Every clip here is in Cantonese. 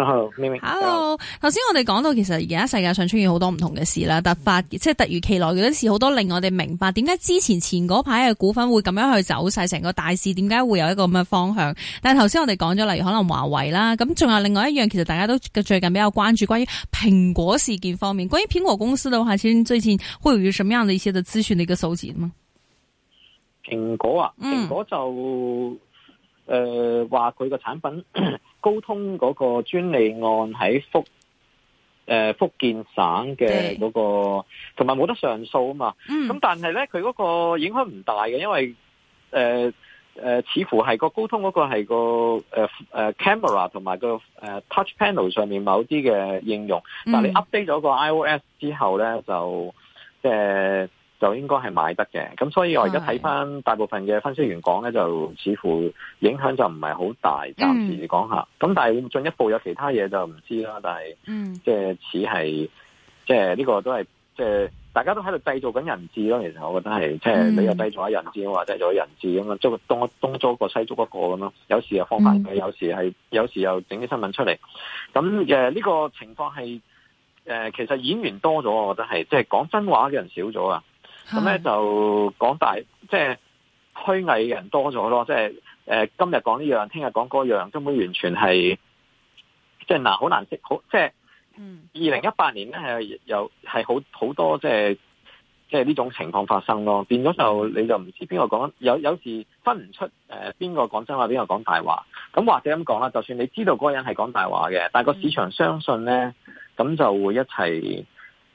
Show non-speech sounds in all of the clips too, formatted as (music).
hello，明明 hello，頭先我哋講到其實而家世界上出現好多唔同嘅事啦，突發即係、就是、突如其來嘅事，好多令我哋明白點解之前前嗰排嘅股份會咁樣去走勢成個大市，點解會有一個咁嘅方向。但係頭先我哋講咗，例如可能華為啦，咁仲有另外一樣，其實大家都最近比較關注關於蘋果事件方面，關於蘋果公司嘅話，先最近會有什麼樣嘅意思就諮詢你嘅數個數字嗎？蘋果啊，蘋、嗯、果就。誒，話佢個產品，高通嗰個專利案喺福誒、呃、福建省嘅嗰、嗰個，同埋冇得上訴啊嘛。咁、嗯、但係咧，佢嗰個影響唔大嘅，因為誒誒、呃呃，似乎係個高通嗰個係個誒誒、呃啊、camera 同埋、嗰個誒、呃、touch panel 上面某啲嘅應用。但係你 update 咗個 iOS 之後咧，就即、呃就應該係買得嘅，咁所以我而家睇翻大部分嘅分析員講咧，是就似乎影響就唔係好大，嗯、暫時講下。咁但係進一步有其他嘢就唔知啦。但係即係似係即係呢個都係即係大家都喺度製造緊人質咯。其實我覺得係即係你又製造咗人質，或者做人質咁樣，捉東東租個西捉一個咁樣，嗯。有時又放慢，有時係，有時又整啲新聞出嚟。咁誒呢個情況係誒、呃、其實演員多咗，我覺得係即係講真話嘅人少咗啊！咁咧就講大，即係虛偽嘅人多咗咯，即係呃、今日講呢樣，聽日講嗰樣，根本完全係即係嗱，好難識，好即係二零一八年咧係有係好好多即係即係呢種情況發生咯，變咗就你就唔知邊個講，有有時分唔出誒邊個講真話，邊個講大話。咁或者咁講啦，就算你知道嗰個人係講大話嘅，但係個市場相信咧，咁就會一齊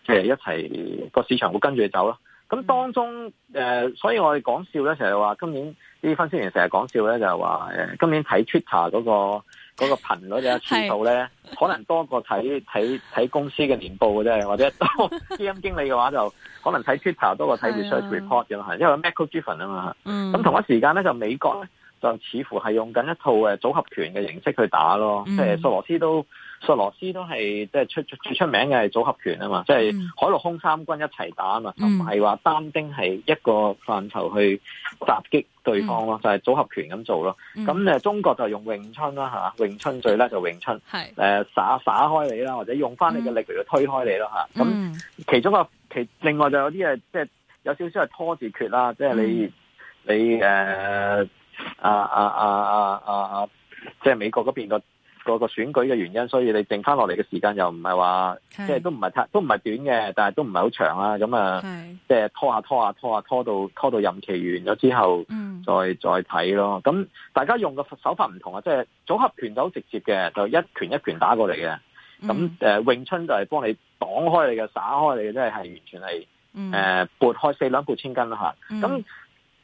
即係一齊個市場會跟住走咯。咁、嗯、當中誒、呃，所以我哋講笑咧，成日話今年啲分析員成日講笑咧，就話、是呃、今年睇 Twitter 嗰、那個嗰、那個頻率嘅次數咧，是可能多過睇睇睇公司嘅年報嘅啫，或者多 (laughs) 基金經理嘅話就，就可能睇 Twitter 多過睇 research report 嘅啦，啊、因為 Michael g i v e n 啊嘛，咁、嗯、同一時間咧，就美國咧就似乎係用緊一套誒組合拳嘅形式去打咯，即係、嗯呃、索羅斯都。索羅斯都係即係出最出，出名嘅係組合拳啊嘛，即係、嗯、海陸空三軍一齊打啊嘛，唔係話單兵係一個範疇去襲擊對方咯，嗯、就係組合拳咁做咯。咁咧、嗯、中國就用詠春啦吓，詠春最叻就詠春，誒耍耍開你啦，或者用翻你嘅力嚟推開你啦吓。咁、嗯嗯、其中個其另外就有啲嘢即係有少少係拖字訣啦，即、就、係、是、你、嗯、你誒啊啊啊啊啊即係美國嗰邊個。個個選舉嘅原因，所以你剩翻落嚟嘅時間又唔係話，的即係都唔係太都唔係短嘅，但係都唔係好長啦。咁的啊，啊，啊，即係拖下拖下拖下拖到拖到任期完咗之後，嗯、再再睇咯。咁大家用嘅手法唔同啊，即係組合拳就好直接嘅，就一拳一拳打過嚟嘅。咁誒、嗯呃，詠春就係幫你擋開你嘅，撒開你嘅，即、就、係、是、完全係誒撥開四兩撥千斤啦嚇。咁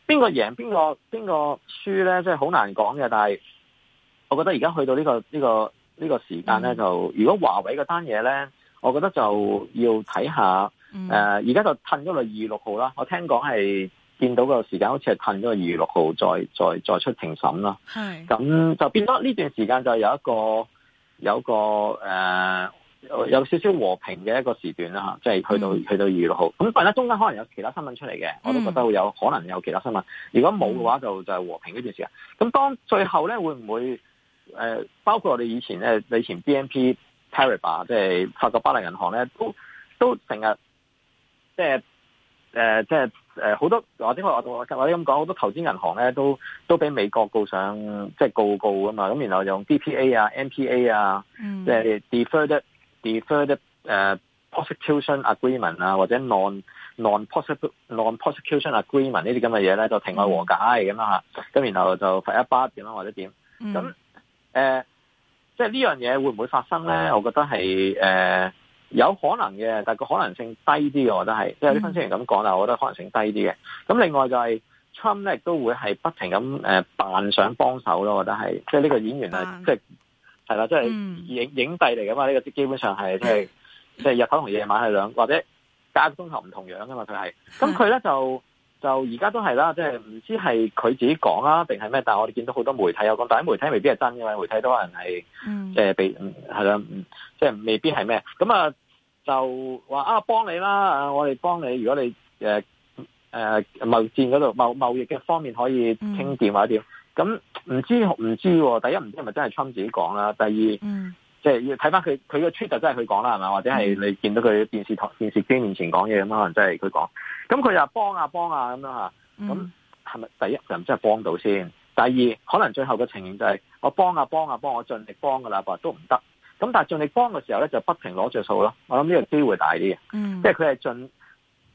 邊個贏邊個邊個輸咧？即係好難講嘅，但係。我覺得而家去到呢、這個呢、這個呢、這個時間咧，就如果華為嗰單嘢咧，我覺得就要睇下。誒、呃，而家就褪咗嚟二六號二月六號啦。我聽講係見到個時間好似係褪咗去二月六號再，再再再出庭審啦。係是。咁就變咗呢段時間就有一個有一個誒、呃、有少少和平嘅一個時段啦吓，即、就、係、是、去到、嗯、去到二月六號。咁但係咧中間可能有其他新聞出嚟嘅，我都覺得會有、嗯、可能有其他新聞。如果冇嘅話，就就係和平呢段時間。咁當最後咧，會唔會？誒、呃、包括我哋以前咧，以前 BNP Paribas 啊，即係法國巴黎銀行咧，都都成日即係誒即係誒好多，或者我我我我哋咁講，好多投資銀行咧都都俾美國告上即係、就是、告告啊嘛，咁然後就用 DPA 啊、NPA 啊，即係、嗯、deferred deferred、uh, prosecution agreement 啊，或者 non non prosecution agreement 這些東西呢啲咁嘅嘢咧，就庭外和解咁啊，咁、嗯、然後就罰一巴點樣或者點咁。嗯誒、呃，即係呢樣嘢會唔會發生咧、嗯呃？我覺得係誒有可能嘅，但係個可能性低啲、就是呃，我覺得係，即係啲分析員咁講啦，我覺得可能性低啲嘅。咁另外就係 Trump 咧，亦都會係不停咁誒扮想幫手咯。我覺得係，即係呢個演員係，即係係啦，即係、就是就是、影影帝嚟噶嘛？呢、這個基本上係即係即係日頭同夜晚係兩 (laughs) 或者隔個鐘頭唔同樣噶嘛？佢係，咁佢咧就。嗯嗯就而家都係啦，即係唔知係佢自己講啊，定係咩？但係我哋見到好多媒體有講，但係媒體未必係真嘅，媒體都可能係，啦、嗯，即係未必係咩。咁啊，就話啊，幫你啦，我哋幫你，如果你誒誒貿戰嗰度貿貿易嘅方面可以傾電話一啲，咁唔、嗯、知唔知，第一唔知係咪真係 Trump 自己講啦，第二。嗯。即係要睇翻佢，佢個 Twitter 真係佢講啦，係嘛？或者係你見到佢電視台、電視機面前講嘢咁，可能真係佢講。咁佢又幫啊幫啊咁樣嚇，咁係咪第一個人真係幫到先？第二可能最後嘅情形就係我幫啊幫啊幫，我盡、啊啊、力幫㗎啦，但係都唔得。咁但係盡力幫嘅時候咧，就不停攞着數咯。我諗呢個機會大啲嘅，即係佢係盡，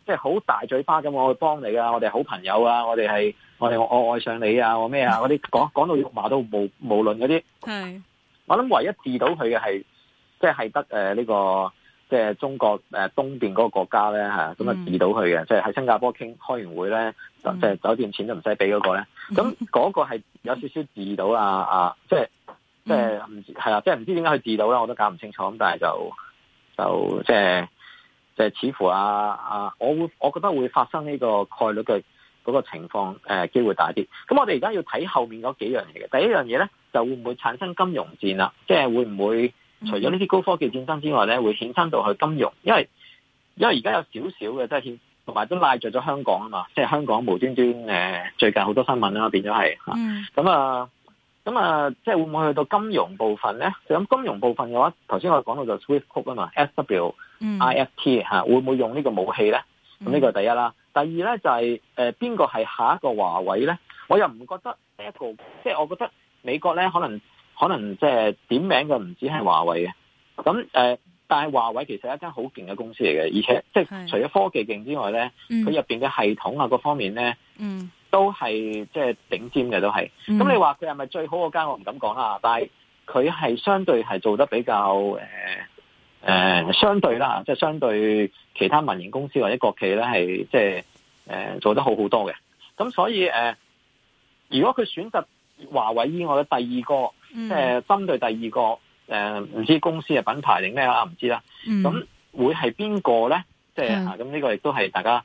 即係好大嘴巴咁，我去幫你啊！我哋好朋友啊！我哋係我哋我愛上你啊！我咩啊？我哋講到肉麻到無無論嗰啲，係。我諗唯一治到佢嘅係，即係得誒呢個，即、就、係、是、中國誒東邊嗰個國家咧吓，咁啊治到佢嘅，即係喺新加坡傾開完會咧，即係、嗯、酒店錢都唔使俾嗰個咧，咁嗰、嗯、個係有少少治到啊、嗯、啊，即係即係唔知係即係唔知點解佢治到啦，我都搞唔清楚，咁但係就就即係即係似乎啊啊，我會我覺得會發生呢個概率嘅。嗰個情況誒機會大啲，咁我哋而家要睇後面嗰幾樣嘢嘅。第一樣嘢咧，就會唔會產生金融戰啦？即係會唔會除咗呢啲高科技戰爭之外咧，會衍生到去金融？因為因為而家有少少嘅即係同埋都賴著咗香港啊嘛，即係香港無端端誒、呃、最近好多新聞啦，變咗係嚇。咁、mm. 啊咁啊，即係會唔會去到金融部分咧？咁金融部分嘅話，頭先我講到就 SWIFT、mm. 啊嘛，SWIFT 嚇會唔會用呢個武器咧？咁、嗯、呢、mm. 個是第一啦。第二咧，就係誒，邊個係下一個華為咧？我又唔覺得呢、這、一個，即係我覺得美國咧，可能可能即係點名嘅唔止係華為嘅。咁誒、呃，但係華為其實係一間好勁嘅公司嚟嘅，而且即係是除咗科技勁之外咧，佢入邊嘅系統啊，各方面咧，嗯，都係即係頂尖嘅，都係。咁你話佢係咪最好嗰間？我唔敢講啦。但係佢係相對係做得比較誒誒、呃呃，相對啦，即係相對其他民營公司或者國企咧，係即係。誒，做得好好多嘅，咁所以誒、呃，如果佢選擇華為以外嘅第二個，誒、mm，針對第二個，誒，唔知公司嘅品牌定咩啊？唔知啦，咁、mm hmm. 會係邊、就是、Yeah. 個咧？即係啊，咁呢個亦都係大家，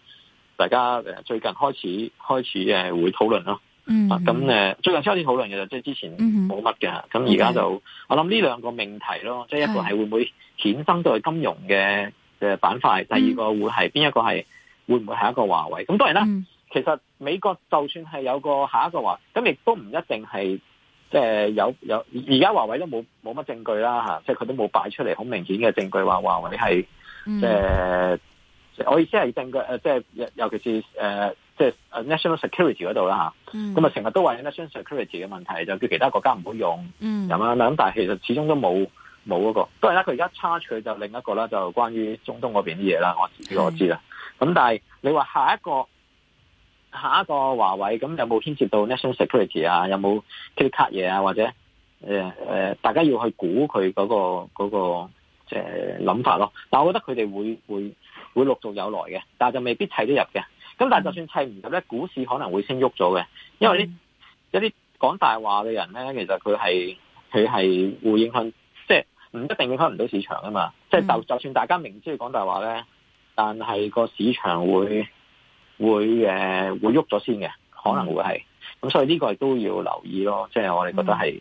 大家誒，最近開始開始誒，會討論咯。嗯，咁誒，最近先有啲討論嘅，即、就、係、是、之前冇乜嘅，咁而家就，Okay. 我諗呢兩個命題咯，即、就、係、是、一個係會唔會衍生到去金融嘅嘅板塊，Yeah. 第二個會係邊、mm hmm. 一個係？會唔會係一個華為？咁當然啦，嗯、其實美國就算係有個下一個華，咁亦都唔一定係即係有有而家華為都冇冇乜證據啦吓，即係佢都冇擺出嚟好明顯嘅證據話華為係即係我意思係證據誒，即、呃、係尤其是誒、呃、即係 national security 嗰度啦吓，咁啊成日都話 national security 嘅問題就叫其他國家唔好用，咁樣咁但係其實始終都冇。冇嗰、那個，都係啦。佢而家差佢就另一個咧，就關於中東嗰邊啲嘢啦。我自己我知啦。咁是的 但係你話下一個下一個華為咁有冇牽涉到 National Security 啊？有冇 cut 嘢啊？或者、呃、大家要去估佢嗰、那個嗰、那個即係諗法咯。但係我覺得佢哋會會會陸續有來嘅，但係就未必砌得入嘅。咁但係就算砌唔入咧，嗯、股市可能會升喐咗嘅，因為一、嗯、一呢一啲講大話嘅人咧，其實佢係佢係會影響。唔一定影響唔到市場啊嘛，即係就、就，就算大家明知要講大話咧，但係個市場會會、呃、會喐咗先嘅，可能會係咁，所以呢個都要留意咯。即、係、我哋覺得係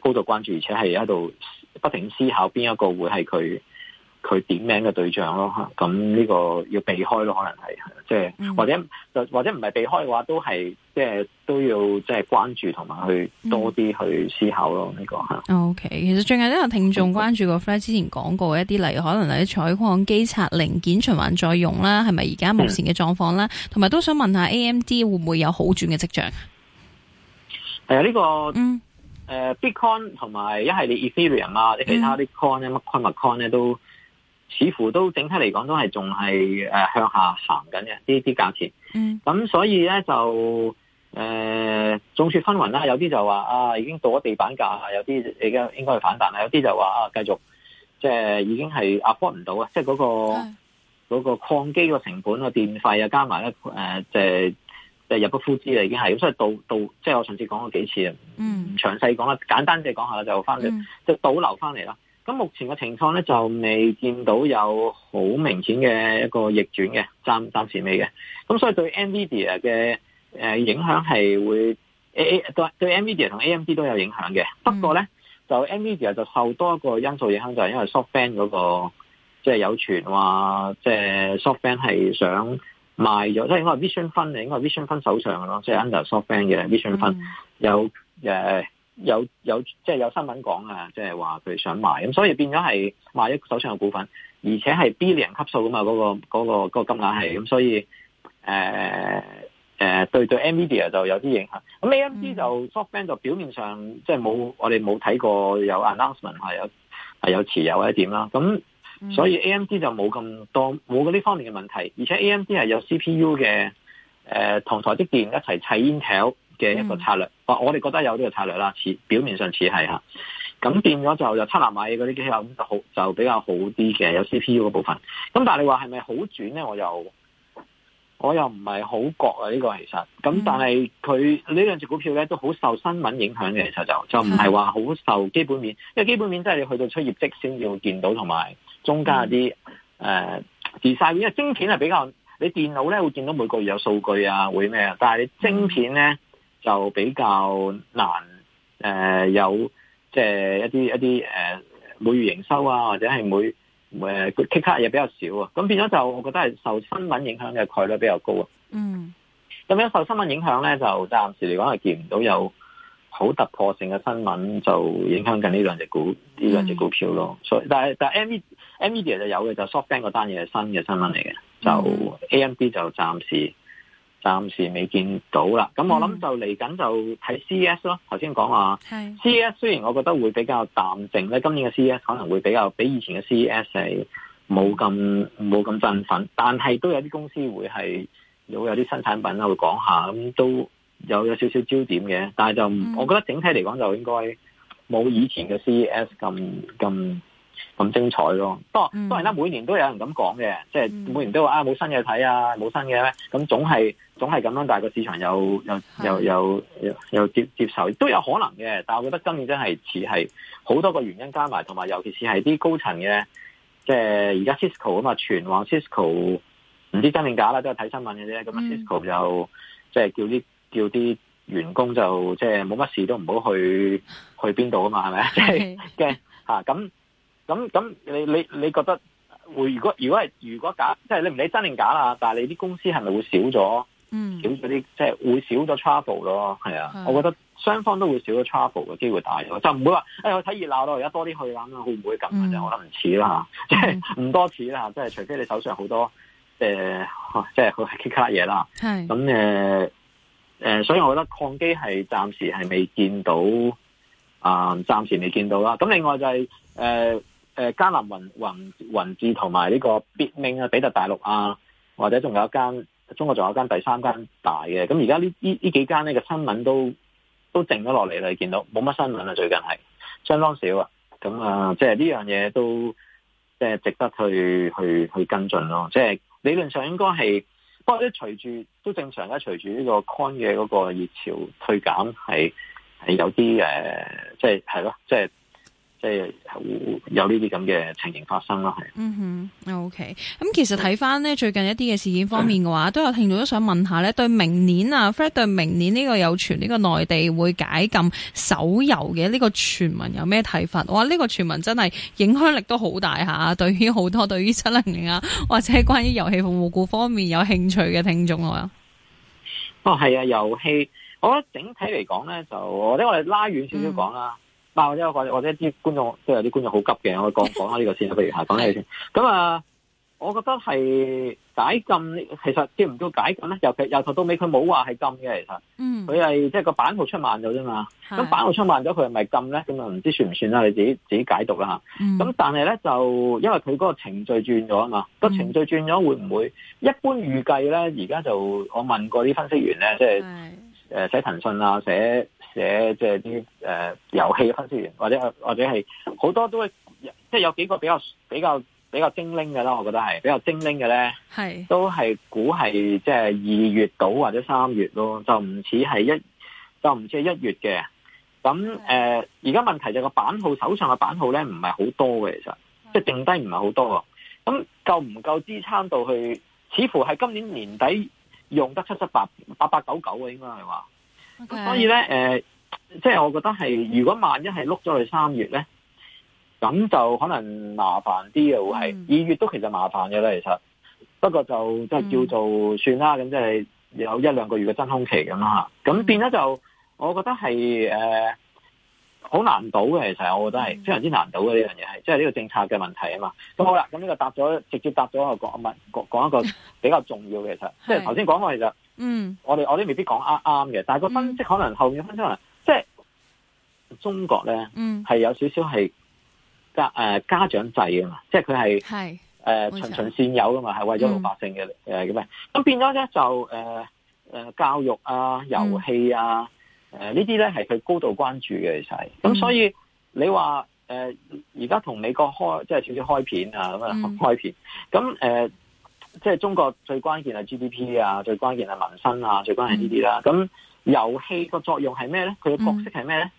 高度關注，而且係喺度不停思考邊一個會係佢。佢點名嘅對象咯，咁呢個要避開咯，可能係即係或者就或者唔係避開嘅話，都係即係都要即係關注同埋去多啲去思考咯。呢、嗯這個 O、okay, K，其實最近都有聽眾關注個 friend 之前講過一啲，例如可能係採礦機拆零件循環再用啦，係咪而家目前嘅狀況啦？同埋、嗯、都想問下 A M D 會唔會有好轉嘅跡象？係啊、呃，呢、這個、嗯呃、Bitcoin 同埋一系列 Ethereum 啊，其他啲 Coin 乜 Coin 乜 Coin 咧都。似乎都整體嚟講都係仲係誒向下行緊嘅呢啲價錢。咁、嗯、所以咧就誒眾說紛紜啦，有啲就話啊已經到咗地板價，有啲而家應該係反彈啦，有啲就話啊繼續即係已經係 support 唔到啊，即係嗰、嗰個嗰、嗯、個礦機個成本啊、電費啊加埋咧誒即係入個付資啊，已經係，所以到到即係我上次講過幾次啊。嗯。唔詳細講啦，簡單講一就講下、嗯、就翻嚟，就倒流翻嚟啦。咁目前嘅情況咧，就未見到有好明顯嘅一個逆轉嘅，暫暫時未嘅。咁所以對 Nvidia 嘅、呃、影響係會 A, A, 對 Nvidia 同 AMD 都有影響嘅。不過咧，就 Nvidia 就受多一個因素影響，就係、是、因為 SoftBank 嗰、那個即係、就是、有傳話，即、就、係、是、SoftBank 係想賣咗，即係因為 VisionFund 應該係 VisionFund 手上嘅咯，即、就、係、是、UnderSoftBank 嘅 VisionFund 有誒。呃有有即係有新聞講啊，即係話佢想賣，咁所以變咗係賣一手上嘅股份，而且係 B 零級數噶嘛，嗰、嗰個嗰、嗰個嗰個金額係，咁所以誒誒、呃呃、對對 Nvidia 就有啲影響，咁 AMD 就、嗯、SoftBank 就表面上即係冇我哋冇睇過有 announcement 係有係有持有或者點啦，咁所以 AMD 就冇咁多冇嗰啲方面嘅問題，而且 AMD 係有 CPU 嘅誒、呃、同台積電一齊砌 Intel。嘅、嗯、一個策略，我哋覺得有呢個策略啦，似表面上似係下咁變咗就就七納米嗰啲機構就好就比較好啲嘅，有 C P U 嘅部分。咁但係你話係咪好轉咧？我又我又唔係好覺啊！呢、這個其實咁，但係佢呢兩隻股票咧都好受新聞影響嘅，其實就就唔係話好受基本面，嗯、因為基本面真係你去到出業績先至會見到，同埋中間啲誒自曬，呃、design，因為晶片係比較你電腦咧會見到每個月有數據啊，會咩啊，但係你晶片咧。就比較難誒、呃，有即係、就是、一啲一啲誒、呃，每月營收啊，或者係每誒卡嘢比較少啊，咁變咗就我覺得係受新聞影響嘅概率比較高啊。嗯，咁樣受新聞影響咧，就暫時嚟講係見唔到有好突破性嘅新聞，就影響緊呢兩隻股呢、嗯、兩隻股票咯。所以但係但係 M V M V D 就有嘅，就 SoftBank 嗰單嘢係新嘅新聞嚟嘅，就 A M B 就暫時。暫時未見到啦，咁我諗就嚟緊就睇 C E S 咯、嗯。頭先講話，C E S 雖然我覺得會比較淡靜咧，今年嘅 C E S 可能會比較比以前嘅 C E S 係冇咁冇咁振奮，但係都有啲公司會係會有啲新產品會會講下咁都有有少少焦點嘅。但係就、嗯、我覺得整體嚟講就應該冇以前嘅 C E S 咁咁。咁精彩咯，不過當然啦，每年都有人咁講嘅，嗯、即係每年都話啊冇新嘢睇啊，冇新嘅、啊，咁總係總係咁樣，但係個市場又有有有有，有，有接接受，都有可能嘅。但係我覺得今年真係似係好多個原因加埋，同埋尤其是係啲高層嘅，即係而家 Cisco 啊嘛，全網 Cisco 唔知真定假啦，都係睇新聞嘅啫。咁啊，Cisco 就即係叫啲叫啲員工就即係冇乜事都唔好去去邊度啊嘛，係咪？即係驚吓咁。咁咁你你你覺得會如果如果係如果假即係、就是、你唔理真定假啦，但係你啲公司係咪會少咗？嗯、少咗啲即係會少咗 trouble 咯，係啊，是的 我覺得雙方都會少咗 trouble 嘅機會大咗，就唔會話誒、哎嗯、我睇熱鬧咯，而家多啲去玩啦，會唔會咁啊？就可能似啦吓，即係唔多似啦，即係除非你手上好多誒即係好 critical 嘢啦，咁誒誒，所以我覺得抗機係暫時係未見到啊，暫、呃、時未見到啦。咁、呃、另外就係、是、誒。呃誒，嘉楠云云云智同埋呢個 Bitmain 啊，比特大陸啊，或者仲有一間，中國仲有一間第三間大嘅。咁而家呢呢呢幾間呢個新聞都都靜咗落嚟啦，你見到冇乜新聞啦，最近係相當少啊。咁啊，即係呢樣嘢都即係值得去去去跟進咯。即係理論上應該係，不過咧隨住都正常嘅，隨住呢個 coin 嘅嗰個熱潮退減，係係有啲誒，即係係咯，即係。即係有呢啲咁嘅情形發生咯，係嗯哼，OK。咁其實睇翻咧最近一啲嘅事件方面嘅話，都有聽眾都想問下咧，對明年啊，Fred 對明年呢個有傳呢個內地會解禁手遊嘅呢個傳聞有咩睇法？哇，呢個傳聞真係影響力都好大下，對於好多對於七零零啊或者關於遊戲服務股方面有興趣嘅聽眾啊，哦係啊，遊戲，我覺得整體嚟講呢，就我哋拉遠少少講啦。嗯但或者或者一啲觀眾，即係有啲觀眾好急嘅，我講講下呢個先，不如吓講呢先。咁啊， (laughs) 我覺得係解禁，其實叫唔叫解禁咧。由頭由頭到尾，佢冇話係禁嘅，其實。佢係、嗯、即係個版號出慢咗啫嘛。咁版號出慢咗，佢係咪禁咧？咁啊，唔知算唔算啦？你自己自己解讀啦咁、嗯、但係咧，就因為佢嗰個程序轉咗啊嘛。個程序轉咗，會唔會一般預計咧？而家就我問過啲分析員咧，即係誒，寫騰訊啊，寫。寫即係啲誒遊戲分析員，或者或者係好多都會即係有幾個比較比較比較精靈嘅啦，我覺得係比較精靈嘅咧，係是都係估係即係二月到或者三月咯，就唔似係一就唔似係一月嘅。咁誒，而家是、呃、問題就個版號手上嘅版號咧，唔係好多嘅，其實即係是剩低唔係好多。咁夠唔夠支撐到去？似乎係今年年底用得七七八八八九九嘅，應該係話。Okay. 所以咧，誒、呃，即係我覺得係，Okay. 如果萬一係碌咗去三月咧，咁就可能麻煩啲嘅會係二月都其實麻煩嘅啦，其實不過就即係叫做算啦，咁即係有一兩個月嘅真空期咁啦。咁變咗就，mm. 我覺得係誒，好、呃、難倒嘅，其實我覺得係、mm. 非常之難倒嘅呢樣嘢，即係呢個政策嘅問題啊嘛。咁、mm. 好啦，咁呢個答咗，直接答咗我講一問，講講一個比較重要嘅，其實即係頭先講過其實。 (laughs) 嗯，我哋我哋未必講啱啱嘅，但係個分析、嗯、可能後面分出嚟、就是，即係中國咧，係、嗯、有少少係家誒、呃、家長制啊嘛，即係佢係係誒循循善誘噶嘛，係為咗老百姓嘅誒咁變咁變咗咧就誒誒、呃、教育啊、遊戲啊誒、嗯呃、呢啲咧係佢高度關注嘅其實，咁、嗯、所以你話誒而家同美國開即係少少開片啊咁、嗯、開片咁誒。即係中國最關鍵係 GDP 啊，最關鍵係民生啊，最關鍵係呢啲啦。咁遊戲個作用係咩咧？佢嘅角色係咩咧？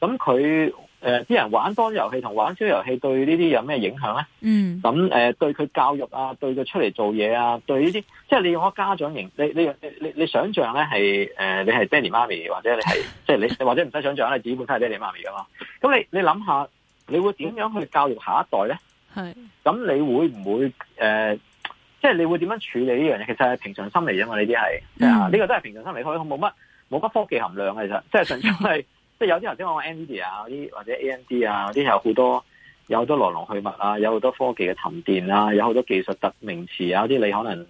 咁佢誒，啲人玩多遊戲同玩少遊戲對呢啲有咩影響咧？嗯。咁誒、呃嗯呃，對佢教育啊，對佢出嚟做嘢啊，對呢啲，即係你用家長型，你你你你，你想象咧係誒，你係爹哋媽咪或者你係即係你或者唔使想象啦，你基本都係爹哋媽咪噶嘛。咁你你諗下，你會點樣去教育下一代咧？係是。咁你會唔會誒？呃即係你會點樣處理呢樣嘢？其實係平常心嚟啫嘛，呢啲係啊，呢個都係平常心嚟，佢冇乜冇乜科技含量，其實即係純粹係即係有啲人即係話 NVIDIA 啲或者 AMD 啊嗰啲，有好多有好多來龍去脈啊，有好多科技嘅沉澱啊，有好多技術特名詞啊，啲你可能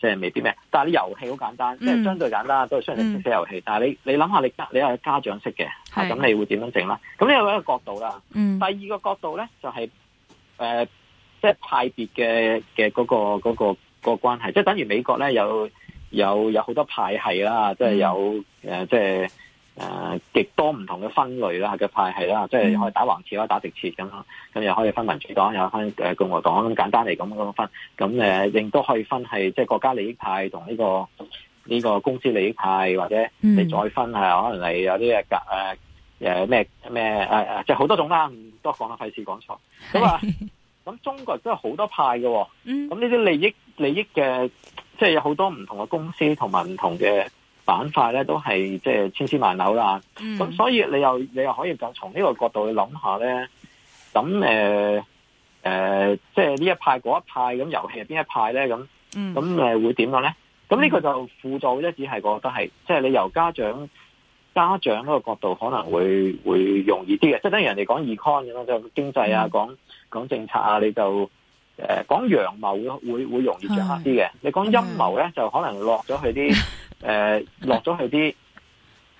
即係未必咩。但係啲遊戲好簡單，嗯、即係相對簡單，都係雖然你唔識遊戲，嗯、但係你你諗下你家你係家長式嘅咁的你會點樣整啦？咁呢個一個角度啦。嗯、第二個角度咧就係、是、誒。呃即係派別嘅嘅嗰個嗰、嗰個個關係，即係等於美國咧有有有好多派係啦，即係有誒即係誒極多唔同嘅分類啦嘅派係啦，即係可以打橫切啦，打直切咁咯，咁又可以分民主黨，又可以分誒共和黨咁簡單嚟講咁樣分，咁誒亦都可以分係即係國家利益派同呢、呢個呢、呢個公司利益派，或者你再分係、嗯啊、可能你有啲嘅誒誒咩咩誒誒，即係好多種啦，唔多講啦，費事講錯咁啊。 (laughs) 咁中國都係好多派嘅、哦，咁呢啲利益利益嘅，即係有好多唔同嘅公司同埋唔同嘅板塊咧，都係即係千絲萬縷啦。咁、嗯、所以你又你又可以就從呢個角度去諗下咧，咁誒誒即係呢一派嗰一派，咁遊戲係邊一派咧？咁咁誒會點樣咧？咁呢、嗯、個就輔助一只係，覺得係，即係你由家長家長嗰個角度可能會會容易啲嘅，即係等於人哋講 econ 就經濟啊講、嗯講政策啊，你就誒講陽謀會會會容易着下啲嘅，的你講陰謀咧就可能落咗去啲誒、 (laughs) 呃、落咗去啲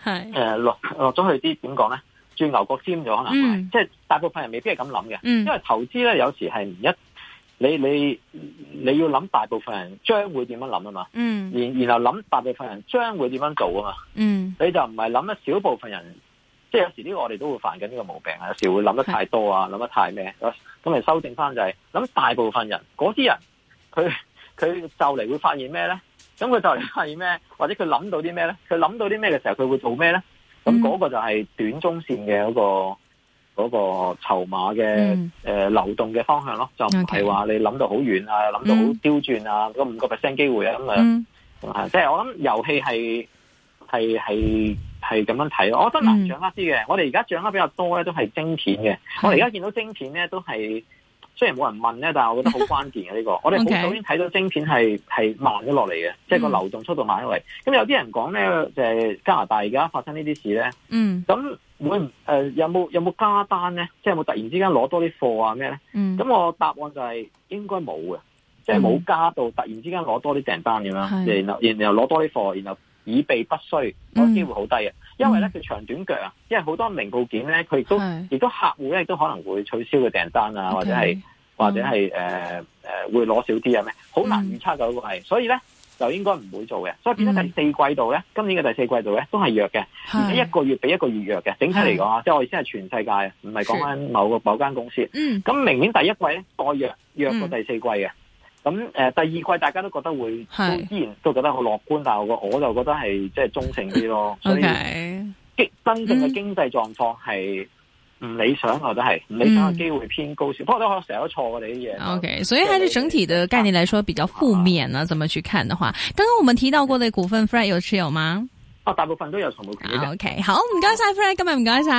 係誒落落咗去啲點講咧鑽牛角尖咗，可能即係、嗯、大部分人未必係咁諗嘅，嗯、因為投資咧有時係唔一你你你要諗大、嗯、大部分人將會點樣諗啊嘛，然然後諗大部分人將會點樣做啊嘛，你就唔係諗一小部分人。即係有時呢個我哋都會犯緊呢個毛病啊，有時會諗得太多啊，諗的得太咩？咁嚟修正翻就係、是、諗大部分人，嗰啲人佢佢就嚟會發現咩咧？咁佢就嚟發現咩？或者佢諗到啲咩咧？佢諗到啲咩嘅時候，佢會做咩咧？咁嗰個就係短中線嘅嗰、那個嗰、那個籌碼嘅誒流動嘅方向咯，就唔係話你諗到好遠啊，諗到好刁轉啊，咁五、嗯、個 percent 機會咁啊，即係我諗遊戲係係係。係咁樣睇咯，我覺得真的難掌握啲嘅。嗯、我哋而家掌握比較多咧，都係晶片嘅。的我哋而家見到晶片咧，都係雖然冇人問咧，但係我覺得好關鍵嘅呢、呢個。 (laughs) 我哋好早就睇到晶片係係慢咗落嚟嘅，即係個流動速度慢咗落嚟。咁、嗯、有啲人講咧，就係、是、加拿大而家發生呢啲事咧。嗯。咁會唔、呃、有冇有冇加單咧？即、就、係、是、有冇突然之間攞多啲貨啊什麼呢？咩咧、嗯？咁我答案就係、是、應該冇嘅，即係冇加到、嗯、突然之間攞多啲訂單咁樣的，然後然後攞多啲貨，然後。以備不需，個機會好低啊！因為咧，佢長短腳啊，因為好多零部件咧，佢亦都亦都客戶咧，亦都可能會取消個訂單啊，或者係或者係誒誒會攞少啲啊咩，好難預測到個係，所以咧就應該唔會做嘅。所以變得第四季度咧，今年嘅第四季度咧都係弱嘅，而且一個月比一個月弱嘅。整體嚟講啊，即係我意思係全世界，唔係講緊某個某間公司。咁明年第一季咧再弱，弱過第四季嘅。咁誒，第二季大家都覺得會，依然都覺得好樂觀，是但係我我就覺得係即係中性啲咯。嗯、所以經真正嘅經濟狀況係唔理想，嗯、或者係唔理想嘅機會偏高少，不、嗯、過都我成日都錯過你啲嘢。O、okay, K，所以喺啲整體嘅概念嚟說比較負面啊，怎麼去看嘅話，剛剛我們提到過嘅股份，Fred 有持有嗎？哦、啊，大部分都有從冇講。O、okay, K，好唔該晒，Fred，今日唔該晒。